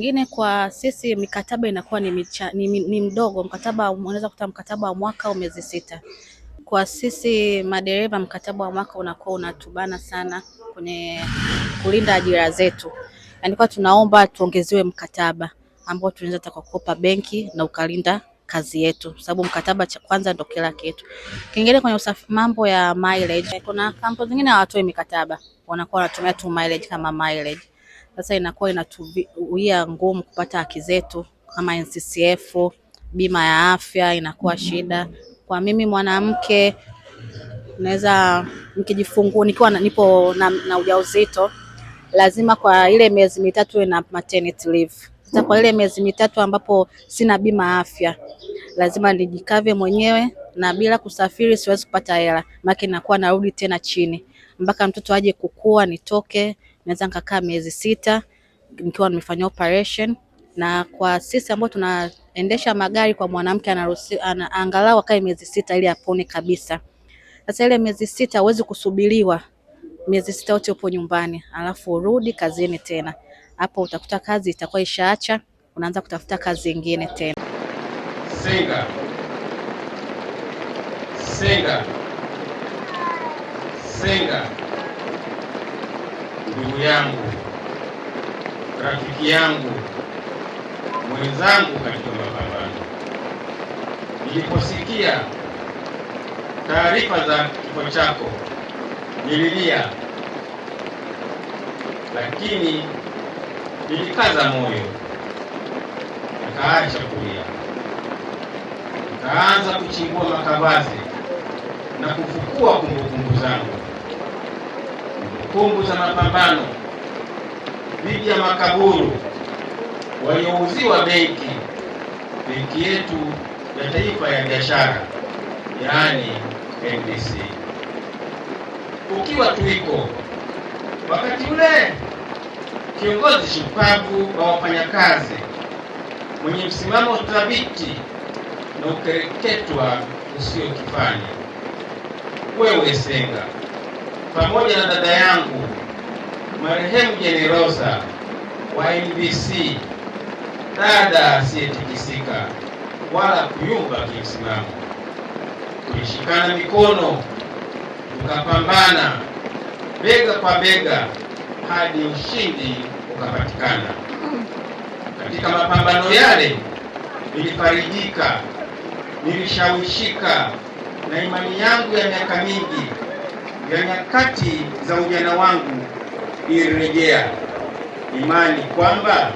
Ingine kwa sisi mikataba inakuwa ni, micha, ni, ni mdogo. Mkataba unaweza kuta mkataba wa mwaka au miezi sita. Kwa sisi madereva, mkataba wa mwaka unakuwa unatubana sana kwenye kulinda ajira zetu, yaani kwa tunaomba tuongezewe mkataba ambao tunaweza hata benki na ukalinda kazi yetu, sababu mkataba cha kwanza ndo kila kitu. Kingine kwenye usafi, mambo ya mileage, kuna kampuni zingine hawatoi mikataba, wanakuwa wanatumia tu mileage kama mileage. Sasa inakuwa inatuia ngumu kupata haki zetu kama NCCF, bima ya afya inakuwa shida. Kwa mimi mwanamke naweza nikijifungua nikiwa nipo na, na ujauzito lazima kwa ile miezi mitatu na maternity leave. Sasa kwa ile miezi mitatu ambapo sina bima afya lazima nijikave mwenyewe na bila kusafiri siwezi kupata hela, maana nakuwa narudi tena chini mpaka mtoto aje kukua nitoke naweza nikakaa miezi sita nikiwa nimefanya operation. Na kwa sisi ambao tunaendesha magari, kwa mwanamke anaruhusiwa angalau akae miezi sita ili apone kabisa. Sasa ile miezi sita huwezi kusubiriwa miezi sita yote upo nyumbani, alafu urudi kazini tena, hapo utakuta kazi itakuwa ishaacha, unaanza kutafuta kazi nyingine tena. Singa. Singa. Singa ndugu yangu, rafiki yangu, mwenzangu katika mapambano. Niliposikia taarifa za kifo chako nililia, lakini nilikaza moyo, nikaacha kulia, nikaanza kuchimbua makabazi na kufukua kumbukumbu zangu kumbukumbu za mapambano dhidi ya makaburu waliouziwa benki benki yetu ya taifa ya biashara yaani NBC. Ukiwa tuiko wakati ule kiongozi shupavu wa wafanyakazi mwenye msimamo thabiti na ukereketwa usiokifanya. Wewe Senga pamoja na dada yangu marehemu Jenerosa wa MBC, dada asiyetikisika wala kuyumba kimsimamo. Tulishikana mikono tukapambana bega kwa bega hadi ushindi ukapatikana. Katika mapambano yale nilifarijika, nilishawishika na imani yangu ya miaka mingi ya nyakati za ujana wangu ilirejea imani kwamba